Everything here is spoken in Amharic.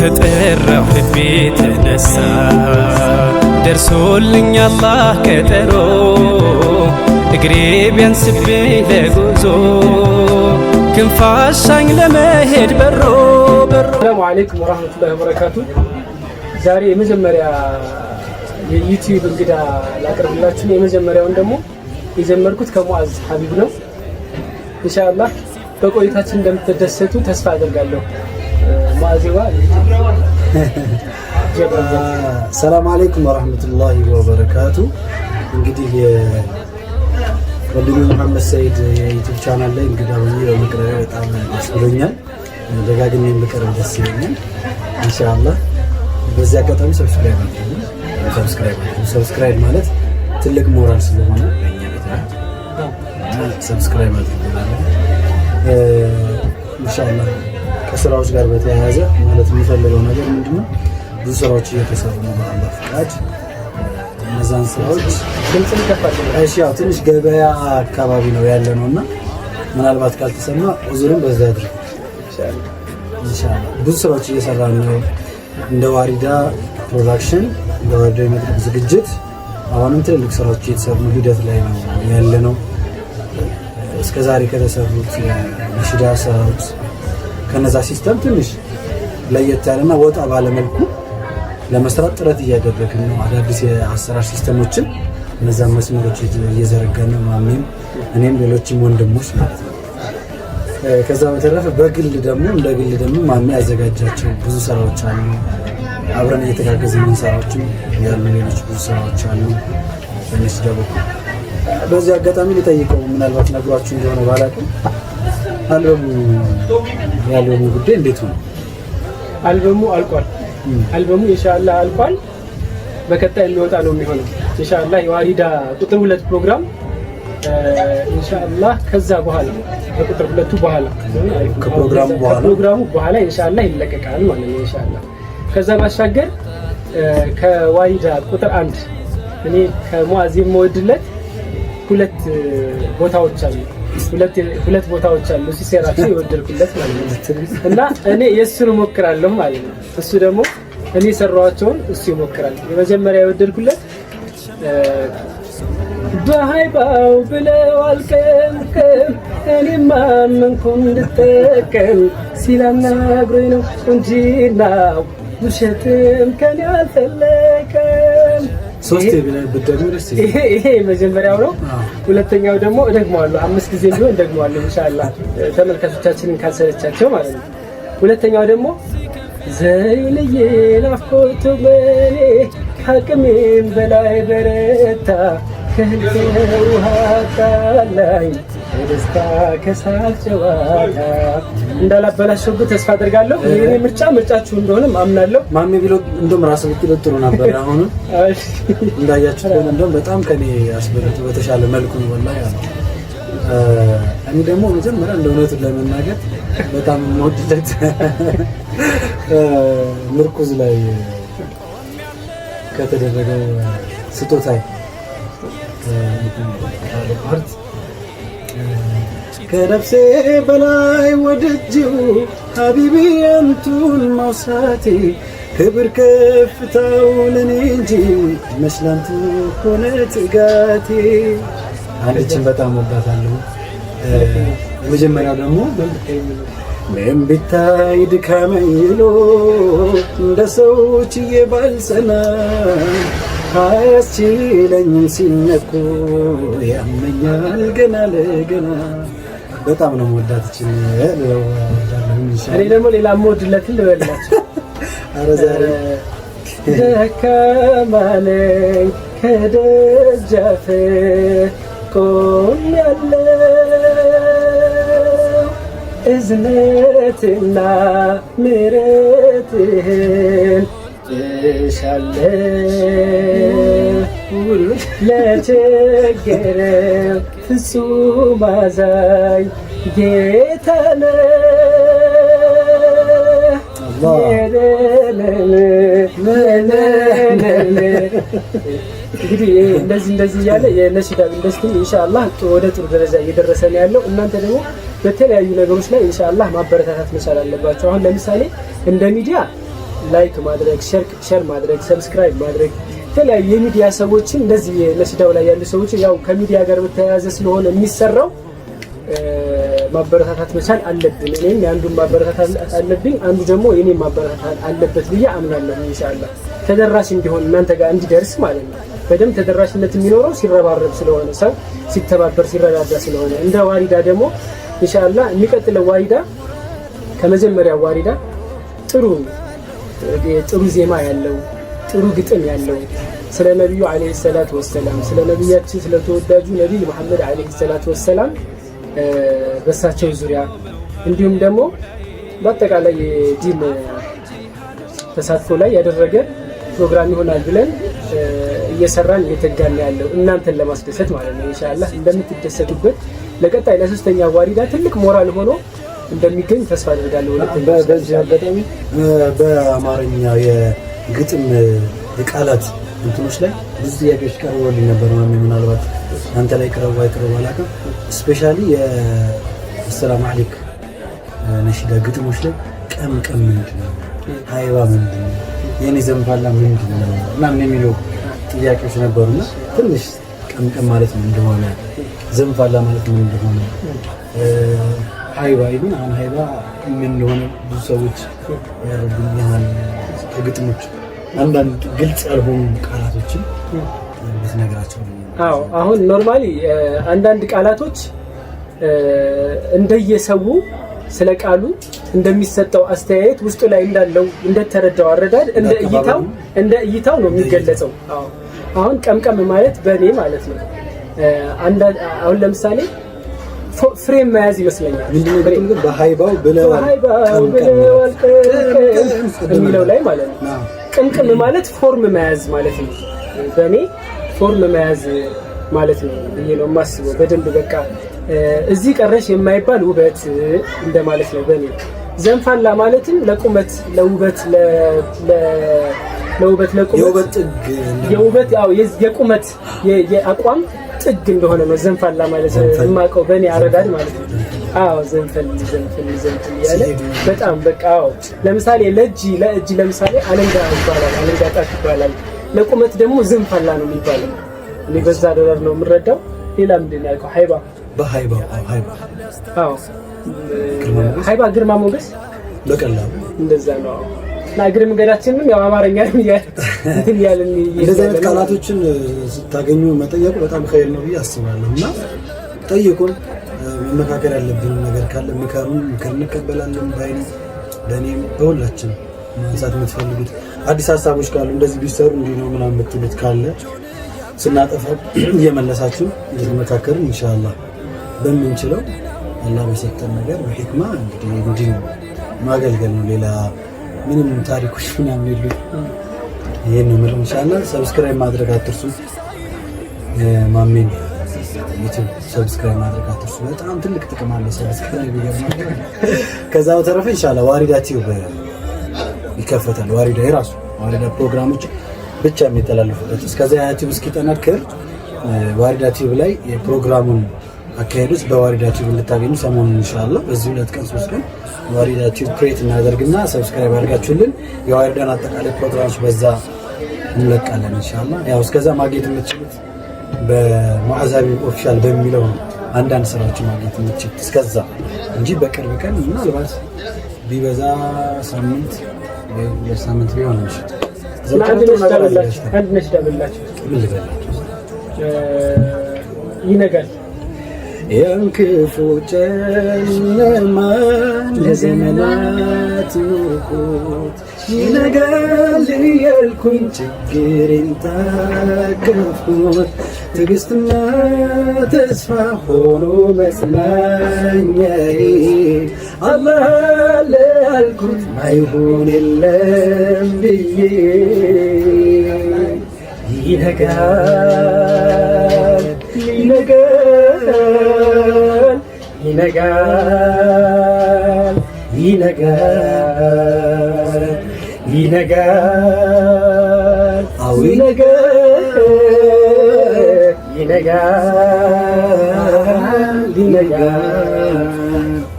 ተጠራሁ ልቤ ተነሳ ደርሶልኝ አላህ ቀጠሮ እግሬ ቢያንስብኝ ለጉዞ ክንፋሻኝ ለመሄድ በሮ በሮ። ሰላሙ አለይኩም ወራህመቱላሂ ወበረካቱ። ዛሬ የመጀመሪያ የዩቲዩብ እንግዳ ላቀርብላችሁ። የመጀመሪያውን ደግሞ የጀመርኩት ከሙአዝ ሀቢብ ነው። ኢንሻአላህ በቆይታችን እንደምትደሰቱ ተስፋ አደርጋለሁ። ሰላም አለይኩም ወራህመቱላሂ ወበረካቱ። እንግዲህ ወንድሜ መሐመድ ሰይድ የዩቲዩብ ቻናል ላይ እንግዳ ሆኜ በመቅረቤ በጣም ደስ ብሎኛል። ደጋግሜ የምቀርብ ደስ ይለኛል። ኢንሻአላህ በዚህ አጋጣሚ ሰብስክራይብ አድርጉ። ሰብስክራይብ ሰብስክራይብ ማለት ትልቅ ሞራል ስለሆነ ሰብስክራይብ አድርጉ። ኢንሻአላህ ከስራዎች ጋር በተያያዘ ማለት የሚፈልገው ነገር ምንድነው? ብዙ ስራዎች እየተሰሩ ነው በአላ ፍቃድ። እነዛን ስራዎች ትንሽ ገበያ አካባቢ ነው ያለ ነው እና ምናልባት ካልተሰማ ዙርም በዛ ድረግ ብዙ ስራዎች እየሰራ ነው። እንደ ዋሪዳ ፕሮዳክሽን እንደ ዋሪዳ የመድረክ ዝግጅት አሁንም ትልልቅ ስራዎች እየተሰሩ ሂደት ላይ ነው ያለ ነው። እስከዛሬ ከተሰሩት ሽዳ ስራዎች ከነዛ ሲስተም ትንሽ ለየት ያለና ወጣ ባለመልኩ ለመስራት ጥረት እያደረግን ነው። አዳዲስ የአሰራር ሲስተሞችን እነዛን መስመሮች እየዘረጋን ነው። ማሜም እኔም ሌሎችም ወንድሞች ማለት ነው። ከዛ በተረፈ በግል ደግሞ እንደ ግል ደግሞ ማሜ ያዘጋጃቸው ብዙ ስራዎች አሉ። አብረን እየተጋገዘ ምንሰራዎችም ያሉ ሌሎች ብዙ ስራዎች አሉ። በነሱ ደቡ በዚህ አጋጣሚ ልጠይቀው ምናልባት ነግሯችሁ እንደሆነ ባላውቅም አልበሙ የአልበሙ ጉዳይ እንዴት ነው? አልበሙ አልቋል። አልበሙ ኢንሻአላህ አልቋል። በቀጣይ የሚወጣ ነው የሚሆነው ኢንሻአላህ። የዋሂዳ ቁጥር ሁለት ፕሮግራም ኢንሻአላህ ከዛ በኋላ ከቁጥር ሁለቱ በኋላ ከፕሮግራሙ በኋላ ከፕሮግራሙ በኋላ ኢንሻአላህ ይለቀቃል ማለት ነው ኢንሻአላህ። ከዛ ባሻገር ከዋሂዳ ቁጥር አንድ እኔ ከሙአዚም የምወድለት ሁለት ቦታዎች አሉ ሁለት ቦታዎች አሉ ሲሰራቸው የወደድኩለት ማለት ነው። እና እኔ የእሱን እሞክራለሁ ማለት ነው። እሱ ደግሞ እኔ የሰራኋቸውን እሱ ይሞክራል። የመጀመሪያ የወደድኩለት በሀይባው ብለው አልቀምቅም እኔ ማመንኩ እንድጠቀም ሲላናግሮኝ ነው እንጂ ናው ውሸትም ከኔ አልፈለቀ ይሄ መጀመሪያው ነው። ሁለተኛው ደግሞ እደግመዋለሁ፣ አምስት ጊዜ ቢሆን እደግመዋለሁ። ኢንሻላህ ተመልካቾቻችንን ካልሰለቻቸው ማለት ነው። ሁለተኛው ደግሞ ዘይንዬ ናፍቆቱ በኔ ከአቅሜም በላይ በረታ ከህልፌ ውሃ የደስታ ከሳቅ ጨዋታ ተስፋ አድርጋለሁ። ምርጫ ምርጫችሁ እንደሆነም አምናለሁ። ማሜ ቢሎ እንደውም ጥሩ ነበር። እንዳያችሁ እንደውም በጣም ከኔ በተሻለ መልኩ ወላ ያለ እኔ ደግሞ መጀመሪያ እንደ እውነቱን ለመናገር በጣም የምወድለት ምርኩዝ ላይ ከተደረገው ስጦታ ርት ከነፍሴ በላይ ወደጅው ሀቢቢ አንቱን ማውሳቴ ክብር ከፍታው ለኔ እንጂ መስላንቱ ሆነ ትጋቴ። አንድችን በጣም ወዳታለሁ። የመጀመሪያው ደግሞ ምን ቢታይ ድካመ ይሎ እንደ ሰዎች እየባልጸና አያስችለኝም ሲነኩ ያመኛል ገና ለገና። በጣም ነው መወዳት ይችል እኔ ደግሞ ሌላ መወድለት ልበላችሁ። ኧረ ከደጃፍ ቆም ያለ እዝነትና ምሕረትህን እልሻለሁ ለቸገረው ፍጹም አዛኝ ጌታ እንግዲህ እንደዚህ እንደዚህ እያለ የነሺዳ ኢንዱስትሪ ኢንሻአላህ ወደ ጥሩ ደረጃ እየደረሰ ነው ያለው። እናንተ ደግሞ በተለያዩ ነገሮች ላይ ኢንሻአላህ ማበረታታት መቻል አለባቸው። አሁን ለምሳሌ እንደ ሚዲያ ላይክ ማድረግ፣ ሼር ማድረግ፣ ሰብስክራይብ ማድረግ የተለያዩ የሚዲያ ሰዎችን እንደዚህ መስዳው ላይ ያሉ ሰዎች ያው ከሚዲያ ጋር በተያያዘ ስለሆነ የሚሰራው ማበረታታት መቻል አለብን። እኔም የአንዱን ማበረታታት አለብኝ፣ አንዱ ደግሞ የኔም ማበረታታት አለበት ብዬ አምናለሁ። ኢንሻአላህ ተደራሽ እንዲሆን እናንተ ጋር እንዲደርስ ማለት ነው። በደንብ ተደራሽነት የሚኖረው ሲረባረብ ስለሆነ ሰው ሲተባበር ሲረዳዳ ስለሆነ እንደ ዋሪዳ ደግሞ ኢንሻአላህ የሚቀጥለው ዋሪዳ ከመጀመሪያው ዋሪዳ ጥሩ ጥሩ ዜማ ያለው ጥሩ ግጥም ያለው ስለ ነቢዩ ዓለይሂ ሰላት ወሰላም ስለ ነቢያችን ስለ ተወዳጁ ነቢይ መሐመድ ዓለይሂ ሰላት ወሰላም በሳቸው ዙሪያ እንዲሁም ደግሞ በአጠቃላይ የዲን ተሳትፎ ላይ ያደረገ ፕሮግራም ይሆናል ብለን እየሰራን እየተጋና ያለው እናንተን ለማስደሰት ማለት ነው። ኢንሻአላህ እንደምትደሰቱበት ለቀጣይ ለሶስተኛ ዋሪዳ ትልቅ ሞራል ሆኖ እንደሚገኝ ተስፋ አድርጋለሁ። በዚህ አጋጣሚ በአማርኛ የግጥም ቃላት እንትኖች ላይ ብዙ ጥያቄዎች ቀርበል ነበር። ማሚ ምናልባት አንተ ላይ ቅረቡ አይቅረቡ አላውቅም። ስፔሻሊ የአሰላም አሌክ ነሽዳ ግጥሞች ላይ ቀም ቀም ምንድን ነው፣ ሀይባ ምንድን ነው፣ የኔ ዘንባላ ምንድን ነው ምናምን የሚለው ጥያቄዎች ነበሩና ትንሽ ቀምቀም ማለት ምን እንደሆነ ዘንባላ ማለት ምን እንደሆነ አይዋ አሁን ሀይባ ምን እንደሆነ ብዙ ሰዎች ያረጉኛል። ከግጥሞች አንዳንድ ግልጽ ያልሆኑ ቃላቶችን ብትነግራቸው። አዎ አሁን ኖርማሊ አንዳንድ ቃላቶች እንደየሰው ስለ ቃሉ እንደሚሰጠው አስተያየት ውስጡ ላይ እንዳለው እንደተረዳው አረዳድ እንደ እይታው እንደ እይታው ነው የሚገለጸው። አሁን ቀምቀም ማለት በእኔ ማለት ነው። አሁን ለምሳሌ ፍሬም መያዝ ይመስለኛል። በሀይባው ብለዋል የሚለው ላይ ማለት ነው። ቅምቅም ማለት ፎርም መያዝ ማለት ነው። በእኔ ፎርም መያዝ ማለት ነው ብዬ ነው የማስበው። በደንብ በቃ እዚህ ቀረሽ የማይባል ውበት እንደማለት ነው በእኔ ዘንፋላ ማለትም ለቁመት፣ ለውበት፣ ለውበት፣ ለቁመት የውበት የቁመት የአቋም ጥግ እንደሆነ ነው ዘንፋላ ማለት የማውቀው በእኔ አረዳድ ማለት ነው። አዎ ዘንፈል ዘንፈል ዘንፈል እያለ በጣም በቃ አዎ። ለምሳሌ ለእጅ ለእጅ ለምሳሌ አለንጋ ይባላል፣ አለንጋ ጣት ይባላል። ለቁመት ደግሞ ዘንፋላ ነው የሚባለው። እኔ በዛ ዶላር ነው የምረዳው። ሌላ ምንድን ነው ያልከው? ሀይባ በሀይባ ሀይባ አዎ ሀይባ ግርማ ሞገስ በቀላሉ እንደዛ ነው። እና መንገዳችንም ያው አማርኛ እያልን እንደዚህ አይነት ቃላቶችን ስታገኙ መጠየቁ በጣም ኸይር ነው ብዬ አስባለሁ። እና ጠይቁን፣ መመካከል ያለብን ነገር ካለ ምከሩን፣ ምክር እንቀበላለን። በአይኔ በእኔም በሁላችን ማንሳት የምትፈልጉት አዲስ ሀሳቦች ካሉ እንደዚህ ቢሰሩ እንዲህ ነው ምናምን የምትሉት ካለ ስናጠፋ እየመለሳችሁ እየተመካከልን እንሻላ በምንችለው አላህ በሰጠን ነገር በሂክማ እንግዲህ እንዲህ ማገልገል ነው ሌላ ምንም ታሪኮች ምናምን የሉ። ይህን ነው ምር እንሻላ። ሰብስክራይብ ማድረግ አትርሱ። ማሜን ዩቲብ ሰብስክራይብ ማድረግ አትርሱ። በጣም ትልቅ ጥቅም አለ ሰብስክራይብ። ከዛ በተረፈ እንሻላ ዋሪዳ ቲዩብ ይከፈታል። ዋሪዳ የራሱ ዋሪዳ ፕሮግራሞች ብቻ የሚተላለፉበት እስከዚያ ዩቲብ እስኪጠናክር ዋሪዳ ቲዩብ ላይ የፕሮግራሙን አካሄዱት በዋሪዳቲቭ እንድታገኙ ሰሞኑን እንችላለሁ። በዚህ ሁለት ቀን ሶስት ቀን ዋሪዳቲቭ ክሬት እናደርግና ሰብስክራይብ አድርጋችሁልን የዋሪዳን አጠቃላይ ፕሮግራሞች በዛ እንለቃለን እንሻላ። ያው እስከዛ ማግኘት የምትችሉት በማዕዛቢ ኦፊሻል በሚለው አንዳንድ ስራዎች ማግኘት የምትችሉት እስከዛ እንጂ በቅርብ ቀን ምናልባት ቢበዛ ሳምንት ሳምንት ቢሆን ይችላል። ይነጋል የንክፉ ጨለማ ለዘመናት ይውቁት ይነጋል እያልኩኝ ችግሬን ታቀፍኩት ትዕግስትና ተስፋ ሆኖ መጽናኛዬ አላህ አለ ያልኩት ማይሆን የለም ብዬ ይነጋል ይነጋል ይነጋል ይነጋል ይነጋል አዊ ይነጋል ይነጋል